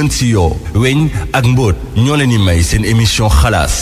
Weñ si yoo weñ ak mbóot ñoo leen di may seen émission xalaas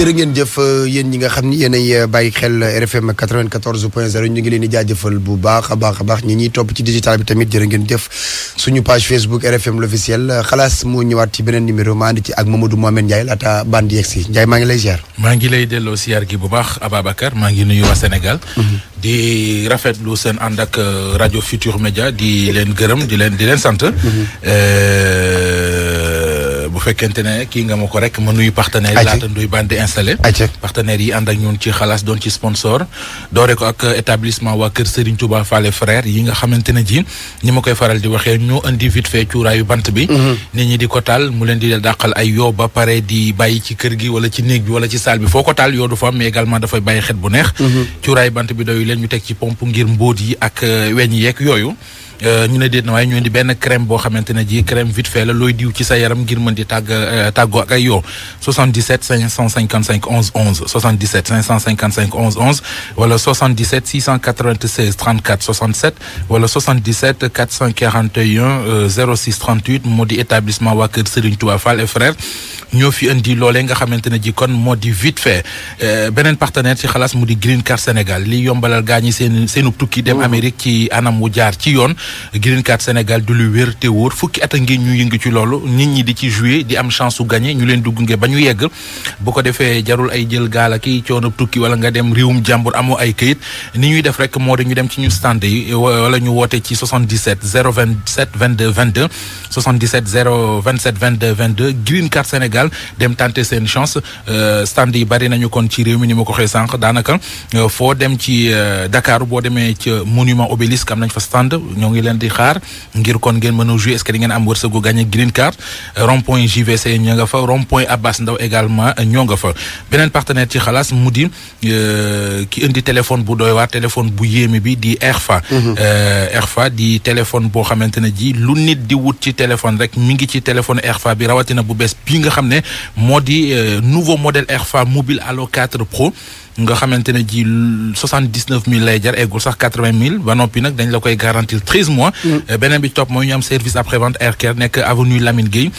jërë ngeen jëf euh, yéen ñi nga xam ni yéenay euh, bàyyi xel euh, RFM 94 point 0 ñu ngi leen di jaajëfal bu baax a baax a baax ñi ñuy topp ci digital bi tamit jërë ngeen jëf suñu page Facebook RFM l'officiel xalaas moo ñëwaat ci beneen numéro ma ànd ci ak Mamadou Mohamed Ndiaye laata bandi yegg si Ndiaye maa ngi lay ziar. maa ngi lay delloo ziar gi bu baax Ababacar maa ngi nuyu waa Sénégal. Mhm. di lu seen ànd ak rajo Futur Média di leen gërëm di leen di leen sant. Mhm. bu fekkente ne kii nga ma ko rek ma nuyu partenaire yi laata nduy bandi installé partenaires yi ànd ak ñun ci xalaas doon ci sponsor doore ko ak établissement waa kër Serigne Touba Fallé frère yi nga xamante ne ji ñi ma koy faral di waxee ñoo indi vite cuuraayu bant bi mhm. nit ñi di ko taal mu leen di daqal ay yoo ba pare di bàyyi ci kër gi wala ci néeg bi wala ci salle bi foo ko taal yoo du fa am mais également dafay bàyyi xet bu neex mhm. cuuraayu bant bi doyu leen ñu teg ci pompe ngir mbóot yi ak euh, weñ yeeg yooyu Euh, ñu ne déet na waaye ñu indi benn crème boo xamante ne ji crème vite fait la looy diw ci sa yaram ngir mën di tàgg euh, tàggoo ak ay yow 77 555 11 11 77 555 11 11 wala 77 696 34 67 wala 77 euh, moo di établissement waa kër Serigne Touba Fall et frère ñoo fi indi loole nga xamante ne ji kon moo di vite fait beneen partenaire ci xalaas mu di Green Card Sénégal li yombalal gaañi seen seenub tukki dem mmh. Amérique ci anam wu jaar ci yoon Green Card Sénégal du lu wér te wóor fukki at a ngi ñu yëngu ci loolu nit ñi di ci jouer di am chance su gagné ñu leen dugg nge ba ñu yegg bu ko defee jarul ay jël gaal ak i coono tukki wala nga dem réewum jàmbur amoo ay kayit ni ñuy def rek moo di ñu dem ci ñu stand yi wala ñu woote ci 77 027 22 22 77 027 22 22 Green Card Sénégal dem tenter seen chance euh, stand yi bari nañu kon ci réew mi ni ma ko waxee sànq daanaka euh, foo dem ci euh, Dakar boo demee ci monument obélisque am nañ fa stand ñoo ngi leen di xaar ngir kon ngeen mën a jouer est di ngeen am wërsëgu gagné green card rond point JVC ñoo nga fa rond point Abbas Ndaw également ñoo nga fa beneen partenaire ci xalaas mu di euh, ki indi téléphone bu doy waar téléphone bu yéeme bi di Airfa Airfa mhm. euh, di téléphone boo xamante ne ji lu nit di wut ci téléphone rek mu ngi ci téléphone Airfa bi rawatina bu bees bii nga xam ne moo di euh, nouveau modèle fa mobile alo 4 Pro nga xamante ne ji soixante dix neuf mille lay jar eggul sax quatre vingt mille ba noppi nag dañ la koy garantir treize mois. Mm. Euh, beneen bi ci topp mooy ñu am service après vente air care nekk avenue Lamine Gueye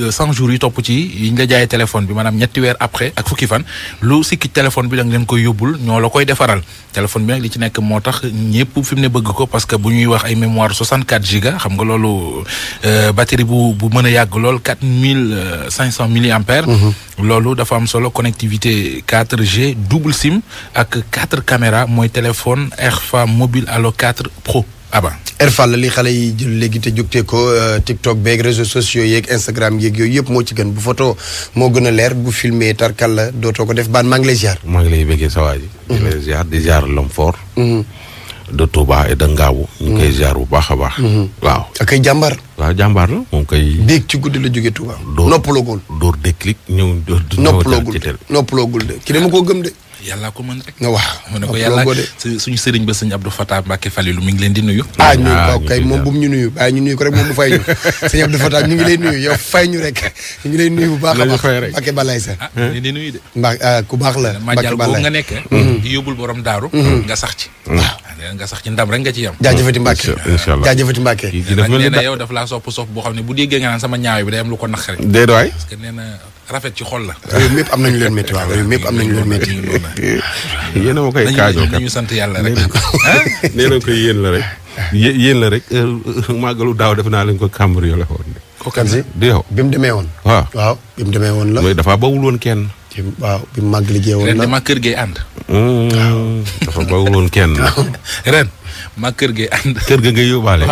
euh, cent jours yi topp ci yi ñu la jaayee téléphone bi maanaam ñetti weer après ak fukki fan lu sikki téléphone bi da nga leen koy yóbbul ñoo la koy defaral téléphone bi nag li ci nekk moo tax ñëpp fi mu ne bëgg ko parce que bu ñuy wax ay mémoire soixante quatre giga xam nga loolu euh, batterie bu bu mën a yàgg lool quatre mille cinq cent milliampères. Mm-hmm. loolu dafa am solo connectivité 4G double SIM ak quatre caméras mooy téléphone Airfa mobile allo quatre pro aba Airfa la li xale yi jël léegi te jógtee ko euh, TikTok beeg réseaux sociaux yeeg Instagram yeeg yooyu yëpp moo ci gën bu foto moo gën a leer bu filmé tarkal la dootoo ko def baan maa ngi lay ziar. maa ngi lay bëggee sa waa ji. Mhm. di lay ziar di de Touba et de Ngaabu. Mm. ñu koy ziar bu baax a baax. Mm-hmm. waaw ak ay jàmbaar. waaw jàmbaar la moom koy. déeg ci guddi la jógee Touba. door noppalogul door déclic ñëw door. noppalogul ñëw ci tel noppalogul de ki dama koo gëm de. yàllaa ko mën rek. waaw mu ne ko yalla yàlla suñu sëriñ ba sëñ Abdou Fatah Mbacke lu mi ngi leen di nuyu. ah ñu ah, ko moom bu mu ñu nuyu bàyyi ah, ñu nuyu ko rek moom mu fay ñu ñu ngi lay nuyu yow fay ñu rek ñu ngi lay bu baax a baax Mbacke Balaye sa di nuyu de. mbaa ah, baax la Mbacke Balaye boobu nga nekk. di yóbbul borom daaru. Mm-hmm. nga sax ci. waaw nga sax ci ndam rek nga ci yam. jaajëfati Mbacke incha allah jaajëfati Mbacke. yow daf laa sopp sopp boo xam ne bu déggee nga naan sama ñaaw bi day am lu ko naqari. déedéet waay parce na rafet ci xol la. réew mépp am nañu leen métti waaw réew mépp am nañu leen métti. yéen a ma koy kaajoo sant yàlla rek. nee na ko yéen la rek. yéen la rek euh, euh, màggalu daaw def naa leen ko cambriolé woon. ko kan si bi mu demee woon. waaw bi mu demee woon la. mooy dafa bawul kenn. waaw bi mu màgg liggéey woon la ren ma kër gee ànd. dafa bawul woon kenn. ren ma kër gee ànd. kër ga ngay yóbbaale.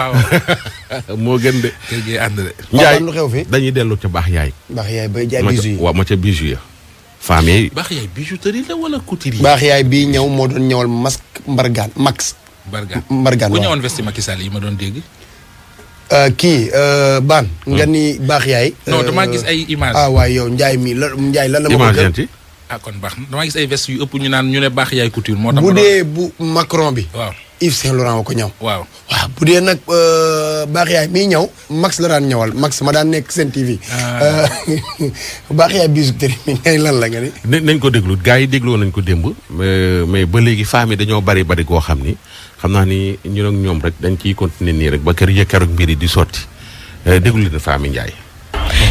moo gën de. kër gi ànd de. njaay lu xew fi dañuy dellu ca baax yaay. baax yaay bay jaay bijoux yi waaw ma ca bijoux ya. femme yi baax yaay bijouterie la wala couturier. baax yaay bii ñëw moo doon ñëwal masque mbargaan max. mbargaan mbargaan waaw vesti Macky Sall yi ma doon dégg. Euh, kii euh, baan nga hmm. ni baax yaay. non euh, damaa gis ay image ah waaw yow Ndiaye mi la Ndiaye la ma ko gën ah kon baax na damaa gis ay veste yu ëpp ñu naan ñu ne baax yaay couture. moo tax bu dee bu Macron bi Yves Saint Laurent wa ko ñëw. waaw waaw bu dee nag euh, baax yaay miy ñëw Max la daan ñëwal Max ma daan nekk seen TV. Ah. Euh, baax yaay bisu tëri mi la nga ni. nañ ko déglu gars yi dégloo nañ ko démb. mais ba léegi femmes dañoo bari bari koo xam ni xam naa ni ñun ak ñoom rek dañ ciy continuer nii rek ba kër yëkkaru mbir yi di sotti euh, déglu leen femmes yi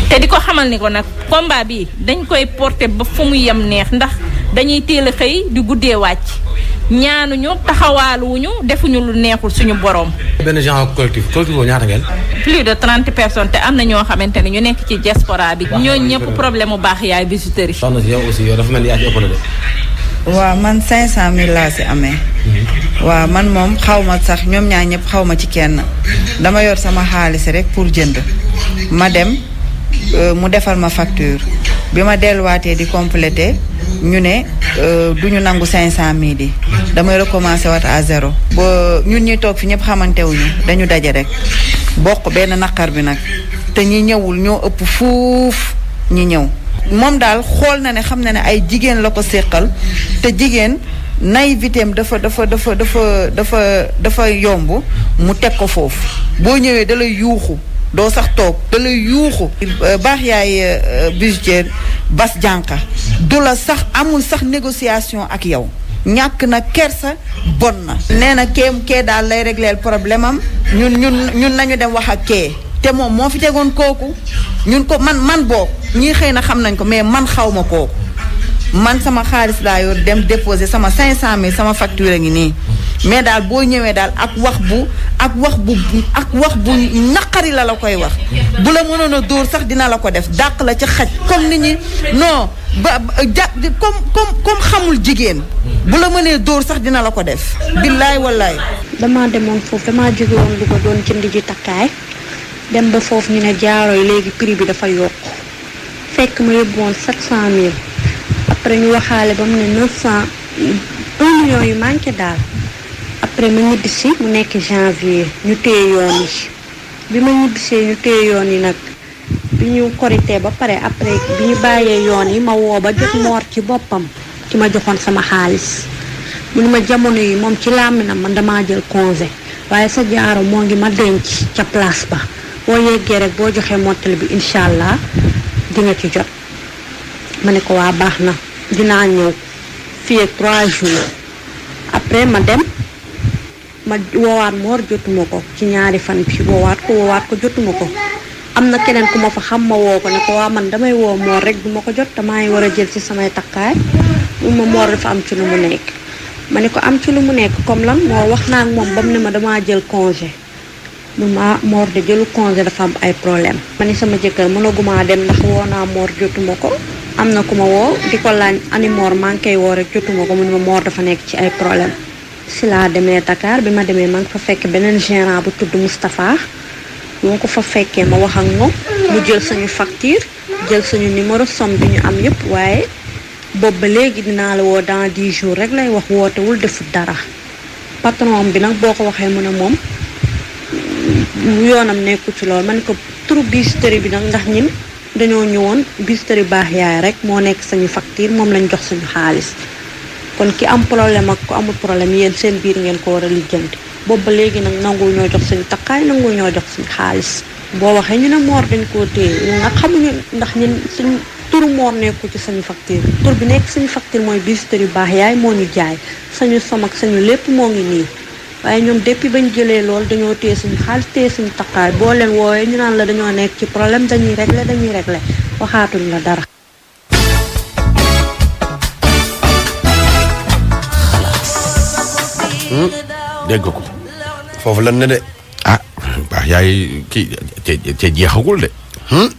te di ko xamal ni ko nag combat bi dañ koy porter ba fu mu yem neex ndax dañuy teel xëy di guddee wàcc. ñaanu ñaanuñu taxawaaluwuñu defuñu lu neexul suñu borom. benn genre collectif collectif boobu ñaata plus de trente personne te am na ñoo xamante ne ñu nekk ci diaspora bi. ñooñu ñëpp problème bu baax yaay visiteur yi. soxna si yow aussi yow dafa mel man cinq cent mille laa si amee. Mhm. waaw man moom xawma sax ñoom ñaar ñëpp xaw ma ci kenn dama yor sama xaalis rek pour jënd ma dem euh, mu defar ma facture bi ma delluwaatee di complété. ñu ne euh, du ñu nangu cinq cent mille yi damay recommencer waat à zéro ba ñu ñuy toog fi ñëpp xamante wuñu dañu daje rek bokk benn naqar bi nag te ñi ñëwul ñoo ëpp fuuf ñi ñëw moom daal xool na ne xam na ne ay jigéen la ko séqal te jigéen nay am dafa dafa dafa dafa dafa dafa yomb mu teg ko foofu boo ñëwee da yuuxu doo sax toog da yuuxu euh, baax yaay euh, budgétaire Bas Jànqa du la sax amul sax négociation ak yow ñàkk na kersa bon na nee na kee kee daal lay régler problème am ñun ñun ñun nañu dem wax ak kee te moom moo fi tegoon kooku ñun ko man man boo ñii xëy na xam nañ ko mais man xaw ma kooku man sama xaalis laa yor dem déposer sama 500000 sama facture ngi nii mais daal boo ñëwee daal ak wax bu ak wax bu wax bu naqari la la koy wax bu la mënoon a dóor sax dina la ko def dàq la ci xaj comme nit ñi non ba ja comme comme comme xamul jigéen bu la mënee dóor sax dina la ko def billaay wallaay dama demoon foofu dama jóge woon lu ko doon jënd ji takkaay dem ba foofu ñu ne jaaro léegi prix bi dafa yokk fekk ma yóbbu woon sept cent mille après ñu waxaale ba mu ne neuf cent un million yu manqué daal après ma ñibbisi mu nekk janvier ñu téye yoon yi bi ma ñibbisee ñu téye yoon yi nag bi ñu korité ba pare après bi bàyyee yoon yi ma woo ba jot moor ci boppam ci ma joxoon sama xaalis mu ne ma jamono yi moom ci làmminam man damaa jël congé waaye sa jaaro moo ngi ma denc ca place ba boo yeggee rek boo joxee mottali bi incha allah dinga ci jot ma ne ko waa baax na dinaa ñëw fii trois jours après ma dem ma woowaat moor jotuma ko ci ñaari fan bi woowaat ko woowaat ko jotuma ko am na keneen ku ma fa xam ma woo ko ne ko waa man damay woo moor rek duma ko jot te maa war a jël ci samay takkaay ma moor dafa am ci lu mu nekk ma ne ko am ci lu mu nekk comme lan moo wax naa ak moom ba mu ma damaa jël congé mu ma ah, moor de jëlu congé dafa am ay problème ne sama jëkkër mënaguma dem ndax woo naa moor jotuma ko am na ku ma woo di ko laaj ani moor maa rek jotuma ko mu ne ma moor dafa nekk ci ay problème si laa demee takaar bi ma demee ma ngi fa fekkee beneen gérant bu tudd Moustapha moo ko fa fekkee ma wax ak moom mu jël suñu facture jël suñu numéro somme bi ñu am yépp waaye bob ba léegi dinaa la woo dans di jours rek lay wax wootewul defut dara patron bi nag boo ko waxee mu ne moom mm, yoonam nekku ci lool man ko turu bijouterie bi nag ndax ñin dañoo ñëwoon bijouterie baax yaay rek moo nekk sañu facture moom lañ jox suñu xaalis kon ki am problème ak ku amul problème yéen seen biir ngeen ko war a lijjanti boobu ba léegi nag nangu ñoo jox seen takkaay nangu ñoo jox seen xaalis boo waxee ñu ne moor dañ koo téye ñun nag xamuñu ndax ñun suñ turu moor nekku ci suñu facture tur bi nekk suñu facture mooy bijouterie yu baax yaay moo ñu jaay sañu samak sañu lépp moo ngi nii waaye ñoom depuis bañ jëlee lool dañoo téye suñu xaalis téye suñu takkaay boo leen woowee ñu naan la dañoo nekk ci problème dañuy régler dañuy régler waxaatuñ la dara Hmm? dégg ko. foofu lan ne de. ah baax yaay kii te jeexagul de. Hmm?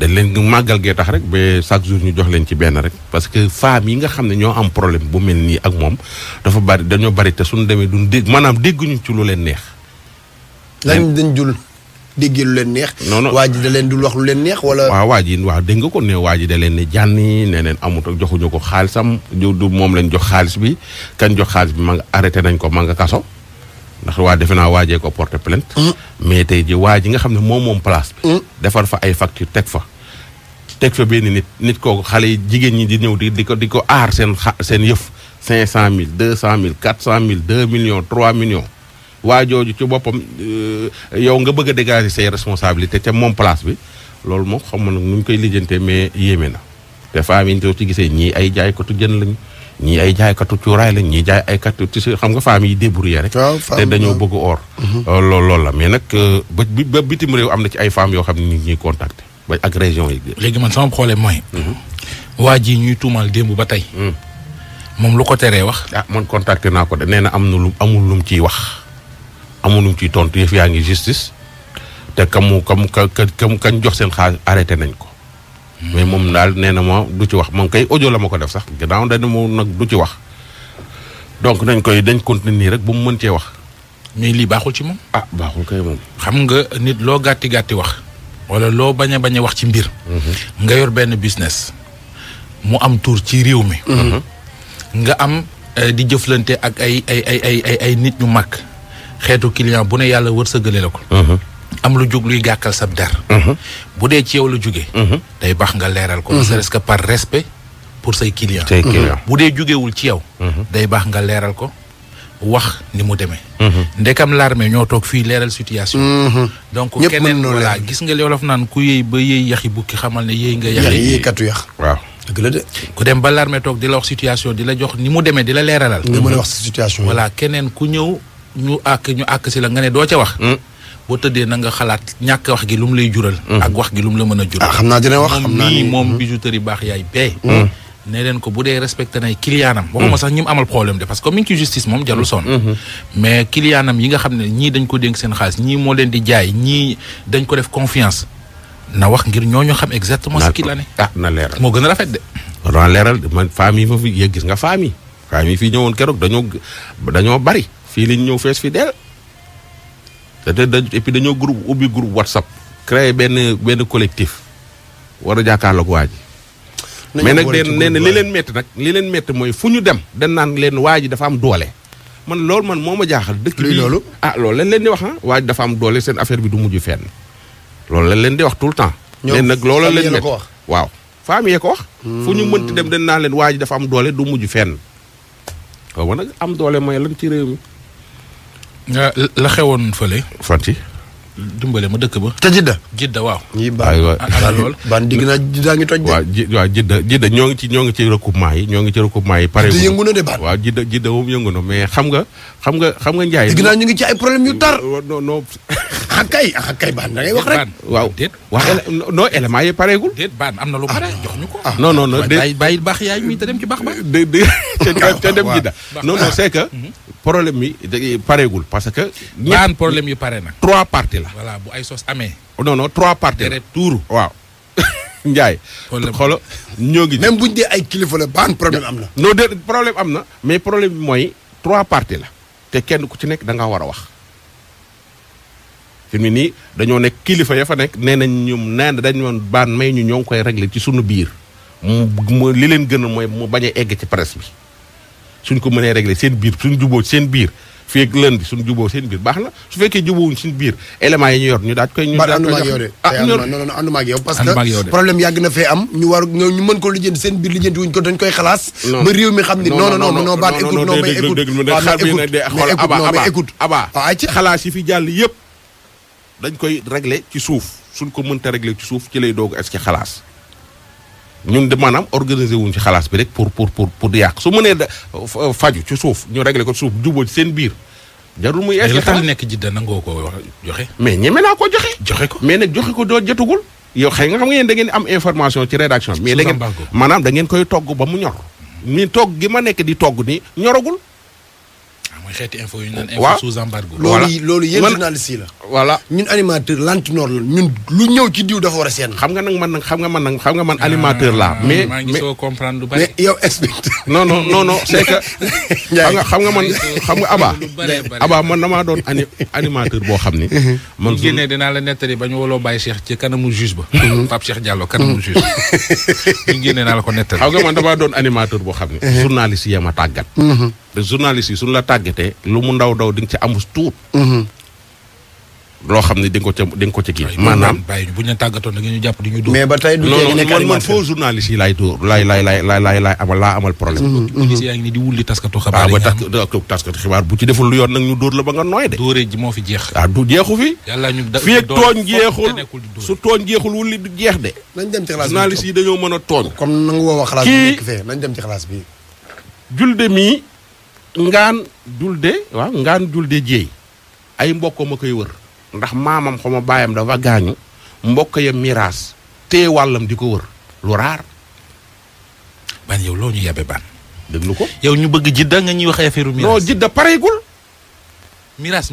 dañ leen màggal gee tax rek ba chaque jour ñu jox leen ci benn rek parce que femmes yi nga xam ne ñoo am problème bu mel nii ak moom dafa bari dañoo bari te suñu demee duñ dégg maanaam dégguñu ci lu leen neex. lañ dañ jul déggee lu leen neex. non waa ji da leen dul wax leen neex wala. waaw waa ji waaw dégg nga ko ne waa ji da leen ne jànni ne leen amut ak joxuñu ko xaalisam du moom lañ jox xaalis bi kan jox xaalis bi ma nga arrêté nañ ko ma nga kaso. ndax waa defe naa waajee ko porter plainte. Mm. mais tey ji waa ji nga xam ne moom moom place bi. Mm. defar fa ay facture teg fa. teg fa benn nit nit kooku xale yi jigéen ñi di ñëw di di ko di ko aar seen xa seen yëf. cinq cent mille deux cent mille quatre cent mille deux million trois millions. waa jooju ci boppam euh, yow nga bëgg a dégager say responsabilité te moom place bi loolu moom xam ma nag nu ñu koy lijjantee mais yéeme na te famille yi ci gisee ñii ay jaaykatu jën lañu ñii ay jaaykatu cuuraay lañ ñii jaay ay katu ci xam nga famille yi débrouillé rek te bëgg or loolu mhm. euh, loolu la mais nag euh, ba ba bitim réew am na ci ay femmes yoo xam ne nit ñuy contacté ba ak région yi léegi man sama problème mooy mhm. waa ji ñuy tuumal démb ba tey mhm. moom lu ko teree wax ah man contacté naa ko de nee na am na lu amul lu mu ciy wax amul amuñu ciy tontu yëf yaa ngi justice te kamu kamu ka kamu kañ jox seen xaalis arrêté nañ ko. mais moom daal nee na ma du ci wax moom kay audio la ma ko def sax gannaaw dañ moom nag du ci wax. donc dañ koy dañ continuer nii rek bu mu mën cee wax. mais lii baaxul ci moom. ah baaxul kay moom. xam nga nit loo gàtti gàtti wax. wala loo bañ a bañ a wax ci mbir. Mhm. nga yor benn business. mu am tour ci réew mi. Mhm. nga am eh, di jëflante ak ay ay ay ay ay nit ñu mag. xeetu client bu ne yàlla wërsëgale la ko. Mhm. am lu jóg luy gàkkal sab der. Mhm. bu dee ci yow la jugee. Mhm. day baax nga leeral ko. ne serait-ce que par respect pour say client. bu dee jugewul ci yow. day baax nga leeral ko wax ni mu demee. ndekam l'armée ñoo toog fii leeral situation. donc keneen voilà gis nga loolof naan ku ba yëy yaxi bukki xamal ne yëy nga. yaxi yëy waaw. dëgg la de. ku dem ba l'armée toog di la wax situation di la jox ni mu demee di la leeralal. nga mën a wax situation voilà keneen ku ñëw. ñu àkk ñu àkk si la nga ne doo ca wax. Hmm. boo tëddee na nga xalaat ñàkk wax gi lu mu lay jural. Hmm. ak wax gi lu mu la mën a jural. Ah, xam naa dina wax xam naa ni moom hmm. bijouterie baax yaay bee. ne leen ko bu dee respecté nay kiliyaanam. waxuma sax ñi mu amal problème de parce que mi ngi ci justice moom jarul sonn. mais kiliyaanam yi nga xam ne ñii dañ ko dénk seen xaalis ñii moo leen di jaay ñii dañ ko def confiance. na wax ngir ñooñu xam exactement. ce qu'il ne est ah, na leeral moo gën a rafet de. war naa leeral man famille yi fi gis nga famille. famille yi fii ñëwoon keroog dañoo dañoo bari. fii la ñu ñëw fees fi dell te da et dañoo groupe ubbi groupe WhatsApp créé benn benn collectif war a jàkkaarloog waa ji mais nag den nee li leen metti nag li leen metti mooy fu ñu dem den naan leen waaj ji dafa am doole man loolu man moo ma jaaxal dëkk loolu ah loolu lañ leen di wax ah waa ji dafa seen affaire bi du mujj fenn loolu lañ leen di wax tout le temps leen nag loolu lañ métti waaw femme yee ko wax fu ñu mënti dem hmm. den naan leen waa ji dafa am doole du mujj fenn waaw nag am doole mooy lan ci réew mi Euh, la xewoon fële. Fati. dimbale ma dëkk ba. te Jidda. Jidda waaw. ñii baan baan digg naa Jidda ngi toj de. waaw ji waaw Jidda Jidda ñoo ngi ci ñoo ngi ci recoupement yi ñoo ngi ci recoupement yi. pare di yëngu na de na xam nga xam nga xam nga ñu ngi ci ay problème yu tar. non non. ah kay ah kay baan wax rek. waaw déet wax non élément yi pareegul. déet baan am na lu pare ah. jox ñu ko. Ah. non non non déet bàyyi baax yaay mi te dem ci baax ba. dé dé dem Jidda non non problème bi da pareegul parce que. ñaan problème yi pare na. trois parties la. voilà bu ay sos amee. Oh, non trois parties la tuuru waaw. Ndiaye. xolo ñoo ngi. même buñ dee ay kilifa la baan problème am na. non de problème am na mais problème bi mooy trois parties la te kenn ku ci nekk da nga war a wax. fi mu nii dañoo nekk kilifa ya fa nekk nee nañ ñoom nee na dañu woon baan may ñu ñoo ngi koy regle ci suñu biir mu li leen gën a mooy mu bañ egg ci presse bi. suñ ko mënee régler seen biir suñ juboo seen biir fii ak lënd suñ juboo seen biir baax na su fekkee jubóowuñ seen biir éléments yi ñu yor ñu daaj koy. ñu daaj koy jox ah non non ànduma ak yow parce que problème yàgg na fee am dañ koy xalaas. ba ci suuf suñ ko mënta régler ci suuf ci lay doog est-ce xalaas ñun de maanaam organiser wuñ ci xalaas bi rek pour pour pour pour di yàq su mënee da euh, faju ci suuf ñu réglé ko suuf juboo ci seen biir. jarul mu ees la tax nekk jidda nangoo ko wax joxe. mais ñeme naa ko joxe. joxe ko mais ne joxe ko doo jotugul. yow xëy nga xam nga yéen da ngeen am information ci rédaction mais da ngeen maanaam da ngeen koy togg ba mu ñor. ni togg gi ma nekk di togg nii ñoragul. mooy xeeti info yu ñu naan info sous embargo. voilà loolu loolu yéen yi la. voilà ñun animateur lantinoor la ñun lu ñëw ci diw dafa war a seen. xam nga nag man nag xam nga man nag xam nga man animateur laa. Ah. mais maa ngi soo comprendre lu bari. mais yow explique. non non non non c'est xam nga xam nga man xam nga Aba. Aba man damaa doon ani animateur boo xam ne uh-huh. man bu génnee dinaa la nettali ba ñu woloo Baye Cheikh ci kanamu juge ba. Uh-huh. Pape Cheikh Diallo kanamu uh-huh. juge ba. bu génnee naa la ko nettali. xam nga man damaa doon animateur boo xam ni. journaliste yi ma tàggat. journaliste yi la tàggatee lu mu ndaw ndaw di nga amus tuut. Mhm. loo xam ne di ko ca kii. maanaam bàyyi bu ñu la tàggatoon da ngeen ñu jàpp di ñu dóor. mais ba tey du tee nekk man man foo journaliste yi laay dóor laay laay laay laay de. jeex. Ah, jeexu fi. yàlla tooñ jeexul su tooñ jeexul wulli du jeex de. nañ dem ci xalaas yi dañoo mën a tooñ. comme nangu woo wax xalaas dem ci mii ngaan julde waaw ngaan julde jéey ay mbokk ma koy wër ndax maamam xaw ma baayam dafa gaañu mbokk ya miraas te wàllam di ko wër lu raar. ban yow loo ñu yabe ban. déglu ko yow ñu bëgg jidda nga ñuy wax affaire miraas. non jidda pareegul. miraas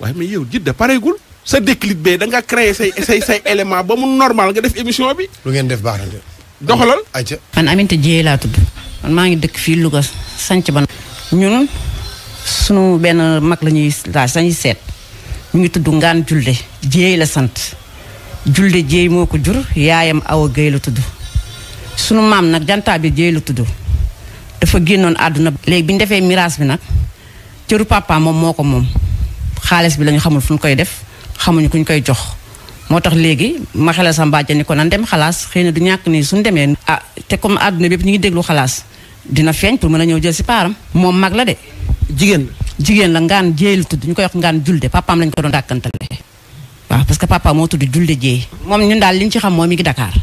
waaye mais yow jidda pareegul. sa déclic bee da nga créer say say say élément ba mu normal nga def émission bi. lu ngeen def baax na de. doxalal. ayca. man Aminata Dieye laa tudd man maa ngi dëkk fii Louga sanc ba. ñun sunu benn mag la ñuy laaj seet ñu ngi tudd ngaan julde jéey la sant julde jéey moo ko jur yaayam awa géey la tudd sunu maam nag jantaa bi jéey la tudd dafa génnoon àdduna léegi bi ñu defee miraas bi nag cëru papa moom moo ko moom xaalis bi lañu xamul fu ñu koy def xamuñu kuñ koy jox moo tax léegi ma xelal sa mbàjja ni ko nan dem xalaas xëy na du ñàkk nii suñu demee ah te comme àdduna bépp ñu ngi déglu xalaas dina feeñ pour mën a ñëw jël si paaram moom mag la de. jigéen la jigéen la ngaan jéel tudd ñu koy wax ngaan julde papaam lañ ko doon dàkkantale. waa parce que papa moo tudd julde jéey. moom ñun daal li ñu ci xam mooy mi ngi dakaar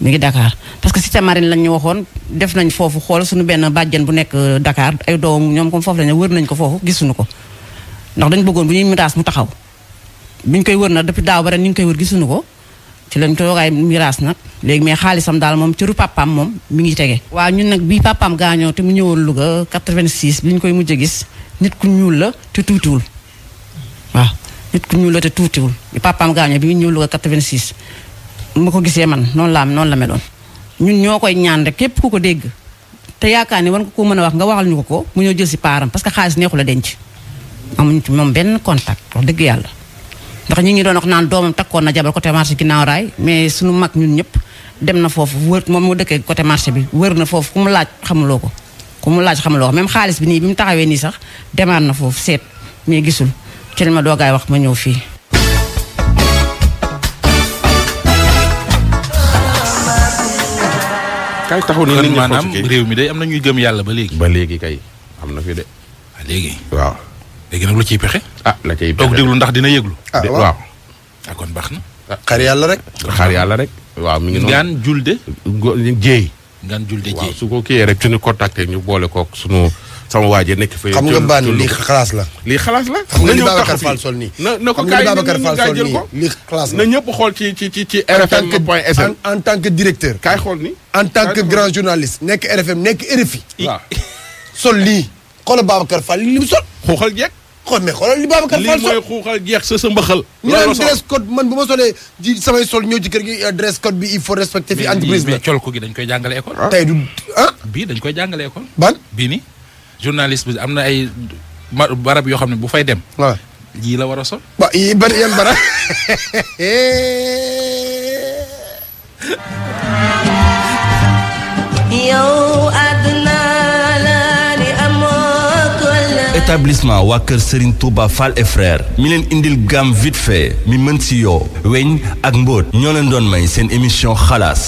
mi ngi dakaar parce que cité marine lañ ñu waxoon def nañ foofu xool suñu benn bàjjen bu nekk euh, dakaar ay doomam ñoom comme foofu lañ wër nañ ko foofu gisuñu ko ndax dañ bëggoon bu ñuy mutaas mu taxaw. biñ koy wër na depuis daaw ba ren ñu ngi koy wër gisuñu ko. ci lañ toogaay miraas nag léegi mais xaalisam daal moom cëru papaam moom mi ngi tege waa ñun nag bi papaam gaañoo te mu ñëwoon Louga 86 bi ñu koy mujj gis nit ku ñuul la te tuutiwul waaw nit ku ñuul la te tuutiwul bi papaam gaañoo bi mu ñëw Louga 86 ma ko gisee man noon la am noonu la meloon ñun ñoo koy ñaan rek képp ku ko dégg te yaakaar ni war nga ko mën a wax nga waxal ñu ko ko mu ñëw jël si paaram parce que xaalis neexu la denc amuñ ci moom benn contact wax dëgg yàlla ndax ñu ngi doon wax naan doomam takkoon na jabar côté marché ginnaaw raay mais suñu mag ñun ñëpp dem na foofu wër moom mu dëkkee côté marché bi wër na foofu ku mu laaj xamuloo ko ku mu laaj xamuloo ko même xaalis bi nii bi mu taxawee nii sax demaan na foofu seet mais gisul ci ma doo doogaay wax ma ñëw fii kay taxul ni maanaam réew mi de am na ñuy gëm yàlla ba léegi ba léegi kay am na fi de léegi waaw léegi nag lu ciy pexe. ah la ciy pexe toog déglu ndax dina yëglu. ah waaw ah baax na. Ah. xaar yàlla rek. xaar yàlla rek. waaw mi ngi noonu ngaan julde. jéey. ngaan julde jéey waaw su ko kiiyee rek suñu contacté ñu boole kook sunu. sama waa ji nekk fa xam nga baan lii xalaas la. lii xalaas la. xam nga li sol nii. xalaas la. na ñëpp xool ci ci ci ci RFM point sn. en tant que directeur. kaay xool ni en tant que grand journaliste. nekk RFM nekk RFI. waaw sol li xoolal Babacar Fall li mu sol. xuuxal jeeg. xool mais xoolal li Babacar Fall sol lii mooy xuuxal jeex sa sa mbaxal. ñu naan dress code man bu ma solee ji samay sol ñëw ci kër gi euh, dress code bi il faut respecter fi entreprise la col ko gi dañ koy jàngale école. Ah. tey du ah. bii dañ koy jàngale école. ban bii ni journaliste bi am na ay barab yoo xam ne bu fay dem. waaw yii la war a sol. waaw yii bari yan barab. yow. établissement waa kër Serigne Touba Fall et frère mi leen indil gamme vite fait mi mën si yoo weñ ak mbóot ñoo leen doon may seen émission xalaas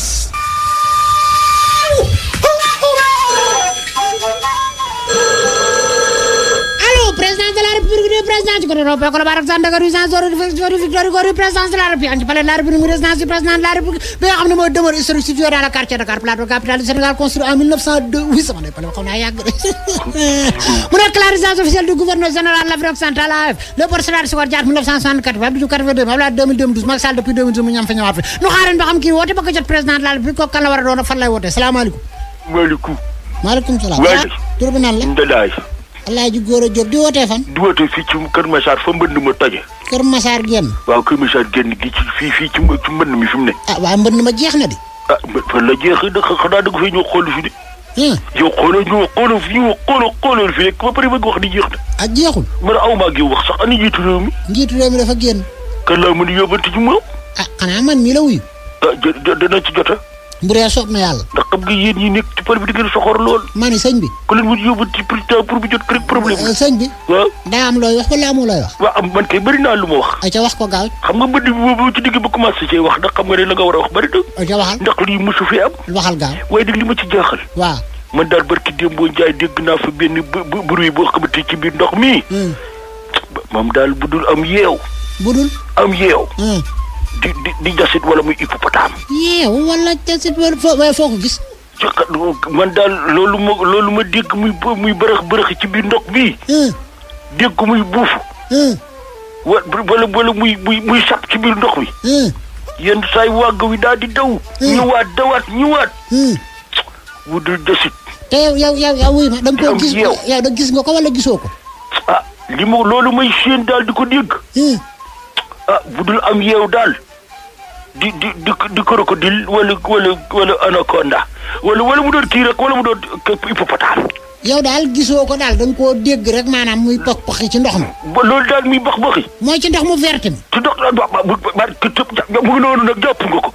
ci ko baraksan Dakar résidence de présidence de la République ci palais de la République résidence du de la République bi nga xam ne mooy demeure historique située dans le quartier Dakar plateau capitale du Sénégal construit en 1902 oui sama ne palais xam naa mu nekk la officielle du gouverneur général de l'Afrique centrale AF le porcelain Senghor Diatta 1964 Abdou 82 Abdoulaye 2012 Macky Sall depuis 2012 mu ñam fa ñëwaat fi nu xaareen ba xam kii woote la République kooku kan la war Alaaji Gora Diop di wootee fan. di wootee fii ci Kër Massar fa mbënd ma toje. Kër Massar génn. waa Kër Massar génn gi ci fii fi ci mbënd mi fi mu ne. ah waaw mbënd ma jeex na de. ah fan la jeexee da xanaa da nga fay xool fi de. yow xooloo ñu xooloo fi ñu xooloo xooloo fi rek ba pare bëgg wax di jeex na. ah jeexul. man aw maa ngi wax sax ana njiitu réew mi. njiitu réew mi dafa génn. kan laa mën a yóbbante ci moom. ah xanaa man mii la wuyu. ah dana ci jota bu dee soob na yàlla. ndax xam nga yéen ñi nekk ci pël bi di ngeen soxor lool. ma ne sëñ bi. ku leen mën yóbbu pour bu jot rek problème la. Eh, sëñ bi. waaw daa am looy wax wala amoo looy wax. waaw am man kay bëri naa lu ma wax. ayca wax ko gaaw. xam nga mbënd bi boobu ci digg ba commencé cee wax ndax xam nga ne la nga war a wax bëri na. ayca waxal ndax lii mosu fi am. waxal gaaw waaye nag li ma ci jaaxal. waaw man daal barki Demba Ndiaye dégg naa fa benn bu ci biir ndox mi. Hmm. moom daal budul am yeew. budul am hmm. di di di jasit wala muy hippopotame. yee wala jasit wala waaye foo ko gis. man daal loolu ma loolu ma dégg muy bërëx bërëx ci biir ndox bii. dégg ko muy buuf. wala wala muy muy muy ci biir ndox mi. yenn saay wàgg wi daal di daw. ñëwaat dawaat ñëwaat. wu dul jasit. te yow yow yow wuy ma da koo gis yow da gis nga ko wala gisoo ko. Ah, li ma loolu may séen daal di ko dégg. bu ah, dul am yeew daal. di di di di crocodile wala wala ko anaconda wala wala mu doon kiir rek wala mu doon hippopotame. yow daal gisoo ko daal da koo dégg rek maanaam muy pox poxi ci ndox mi. ba loolu daal muy pox poxi. mooy ci ndox mu vert mi. ci ndox mu mu ngi noonu nag jàpp nga ko.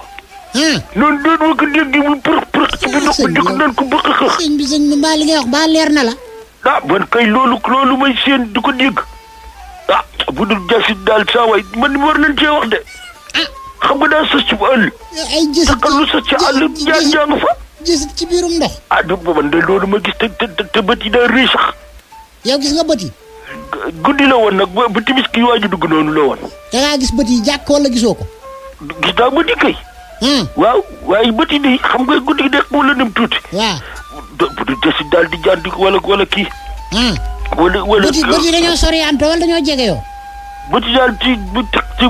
noonu doon ma ko dégg mu përëx përëx ci bi ndox mi ah, di ko naan ko bëq xëx. sëñ ba leer na la. ah man kay loolu loolu may seen di ko dégg ah bu dul jasit daal saa waay man war nañ cee wax de. xam nga daal sës ci bu àll. ay jësit te lu sës ci àll jaan jaanu fa. jësit ci biirum ndox. ah du man de loolu ma gis te te te bët yi daa rëy sax. yow gis nga bët guddi la woon nag ba ba timis kii waa ji dugg noonu la woon. da gis bët yi jàkk wala gisoo ko. gis daa bët yi waaw waaye bët yi nii xam nga guddi gi moo la dem tuuti. waaw. du jësit daal di jaan di wala wala kii. Hmm. wala wala bët yi dañoo sori anto dañoo jege yow. bu ci daal ci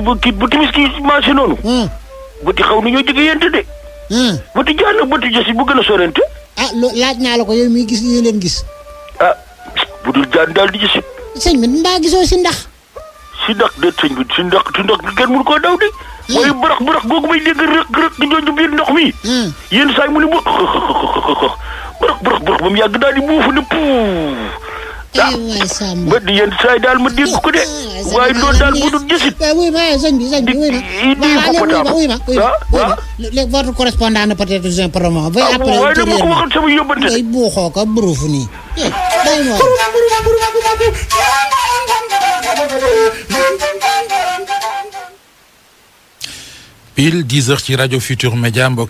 bu ci bu timis kii marché noonu. Hmm. bu ti xaw nañoo jóge yéente de. Hmm. bu ti jaan bu ti jësi bu gën a sorente. ah loo laaj naa la ko yow miy gis yéen leen gis. a ah bu dul jaan daal di jësi. sëñ bi si ndax. si ndax de sëñ bi si ndax si ndax gi kenn mënu koo daw de. Hmm. mooy burax burax googu may dégg rëq rëq di biir ndox mi. yéen saa yi mu ne bu burax burax ba mu yàgg daal di buufu ne puuf. ah bët yéen saa yi daal ma dégg ko de ah, waaye loolu daal bu dul gisit. wuy ma sëñ bi sëñ bi wuy ma. di di ko wuy ma wuy ma ah, ah. léegi votre correspondant na peut-être un promo. bay après waaye dama ko waxal sama yóbbante. ngay buuxoo ko burufu nii. day noonu. pile dix heures ci rajo Futur Média mbokk